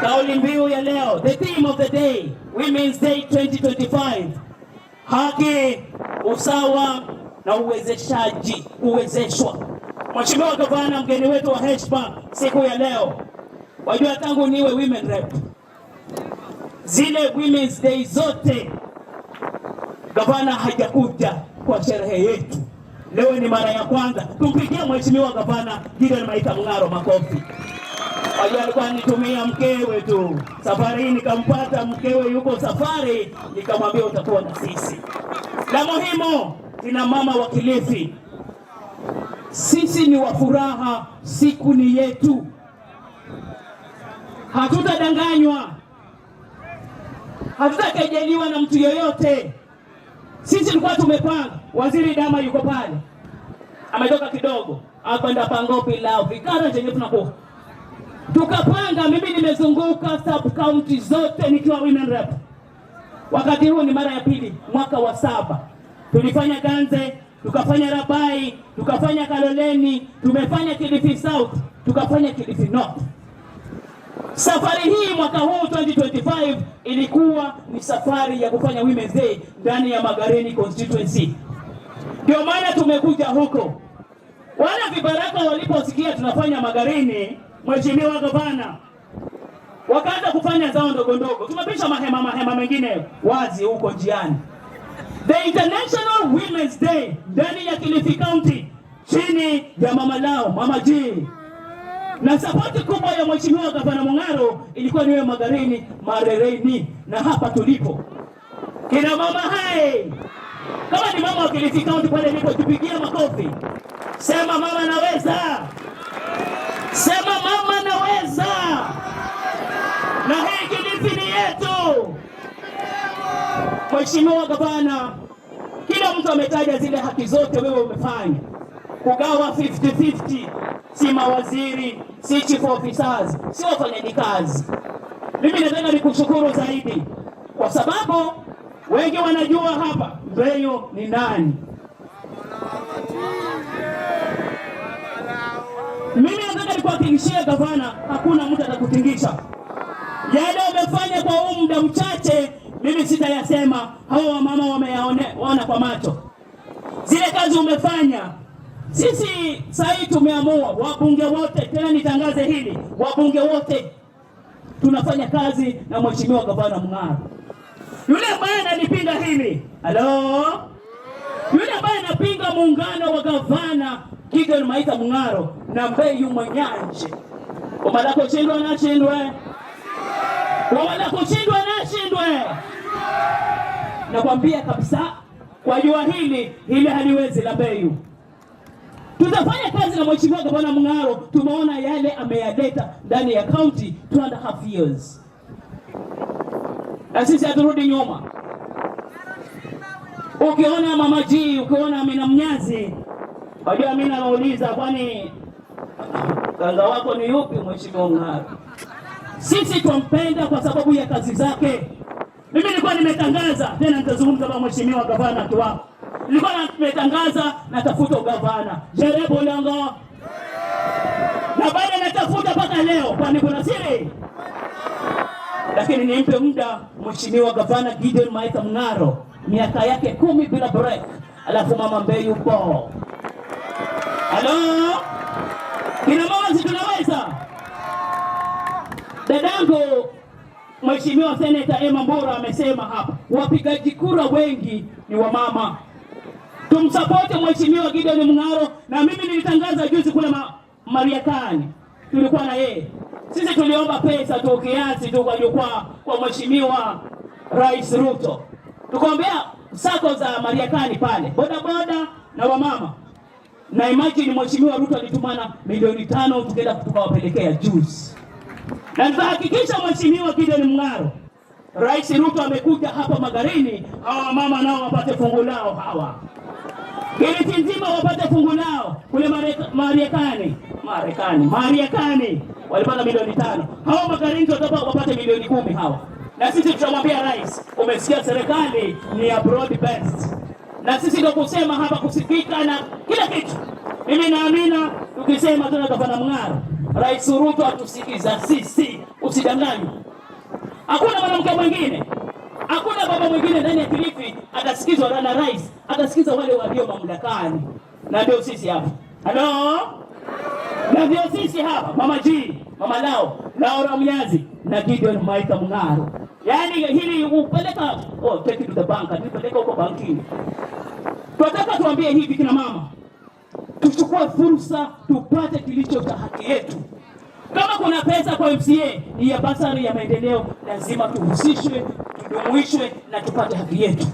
Kauli mbiu ya leo, the theme of the day, Women's Day 2025, haki, usawa na uwezeshaji, uwezeshwa. Mheshimiwa Gavana, mgeni wetu wa heshima siku ya leo, wajua tangu niwe women rep zile Women's Day zote gavana hajakuja kwa sherehe yetu. Leo ni mara ya kwanza, tumpigie Mheshimiwa Gavana Gideon Maita mngaro makofi. Wajua, alikuwa nitumia mkewe tu. Safari hii nikampata mkewe, yuko safari, nikamwambia utakuwa na sisi. La muhimu, kina mama wa Kilifi, sisi ni wa furaha, siku ni yetu, hatutadanganywa, hatutakejeliwa na mtu yoyote. Sisi tulikuwa tumepanga, waziri Dama yuko pale, ametoka kidogo, akwenda pangopi la vikara chenye tunakuwa tukapanga. Mimi nimezunguka sub county zote nikiwa women rep. Wakati huu ni mara ya pili, mwaka wa saba tulifanya Ganze, tukafanya Rabai, tukafanya Kaloleni, tumefanya Kilifi South, tukafanya Kilifi North. Safari hii mwaka huu 2025 ilikuwa ni safari ya kufanya Women's Day ndani ya Magarini constituency. Ndio maana tumekuja huko. Wana vibaraka waliposikia tunafanya Magarini Mheshimiwa Gavana wakaanza kufanya zao ndogo ndogo, tumepisha mahema mahema mengine wazi huko njiani. The International Women's Day ndani ya Kilifi County chini ya mama lao mama G, na sapoti kubwa ya Mheshimiwa Gavana Mung'aro ilikuwa niwe magarini marereni, na hapa tulipo kina mama hai kama ni mama wa Kilifi County pale nilipotupigia makofi, sema mama naweza Mheshimiwa Gavana, kila mtu ametaja zile haki zote, wewe umefanya kugawa 50-50, si mawaziri si chief officers si kazi Mimi nataka nikushukuru zaidi kwa sababu wengi wanajua hapa Mveyo ni nani. Mimi nataka nikuhakikishie gavana, hakuna mtu atakutingisha. Yale yaani umefanya kwa huu muda mchache mimi sitayasema, hao wamama wameyaona kwa macho zile kazi umefanya. Sisi sahii tumeamua wabunge wote, tena nitangaze hili, wabunge wote tunafanya kazi na mheshimiwa gavana Mng'ara. Yule ambaye ananipinga hili, halo, yule ambaye anapinga muungano wa gavana Gideon Maita Mng'aro na Mbeyu Mwenyanji, umalako chindwa na chindwe waweza kushindwa anayeshindwe. Nakwambia kabisa, kwa jua hili hili haliwezi la Beyu. Tutafanya kazi na mheshimiwa gavana Mng'aro, tumeona yale ameyaleta ndani ya county two and a half years, na sisi haturudi nyuma. Ukiona mamajii ukiona Amina Mnyazi, wajua Amina anauliza, kwani ganga wako ni yupi, mheshimiwa Mng'aro? Sisi twampenda kwa sababu ya kazi zake. Mimi nilikuwa nimetangaza tena, nitazungumza kwa mheshimiwa gavana hapo, nilikuwa nimetangaza natafuta ugavana Jerebo Bulongo, na bado natafuta mpaka leo, kwani kuna siri, lakini nimpe muda mheshimiwa gavana Gideon Maika Mng'aro miaka yake kumi bila break, alafu mama Mbeyu yupo. Halo, kina mama, si tunaweza Dadangu Mheshimiwa Seneta Emma Mbora amesema hapa wapigaji kura wengi ni wamama. Tumsapoti Mheshimiwa Gideon mngaro na mimi nilitangaza juzi kule ma Mariakani, tulikuwa na yeye. Sisi tuliomba pesa tu kiasi tu kwa jukwaa kwa Mheshimiwa Rais Ruto, tukamwambia sako za Mariakani pale bodaboda na wamama na imagine Mheshimiwa Ruto alitumana milioni tano tukaenda tukawapelekea juzi na nitahakikisha Mheshimiwa Gideon Mung'aro, Rais Ruto amekuja hapa Magarini, hawa mama nao wapate fungu lao, hawa Kilifi nzima wapate fungu lao kule Marekani, Marekani, Marekani walipata milioni tano, hawa Magarini wapate milioni kumi hawa na sisi tutamwambia rais, umesikia serikali ni ya broad based, na sisi ndio kusema hapa kusikika na kila kitu. Mimi naamini tukisema tuna gavana Mung'aro Rais Ruto atusikiza sisi, usidanganywe. Hakuna mwanamke mwingine, hakuna baba mwingine ndani ya Kilifi atasikizwa na rais, atasikiza wale walio mamlakani, na ndio sisi hapa. Halo, na ndio sisi hapa, mama G, mama Lao, Laura Mnyazi na Gideon Maitha Mng'aro. Yaani hili upeleka, oh, take it to the bank, nipeleka huko bankini. Tunataka tuambie hivi kina mama tuchukue fursa tupate kilicho cha haki yetu. Kama kuna pesa kwa MCA ni ya basari ya maendeleo, lazima tuhusishwe, tujumuishwe na tupate haki yetu.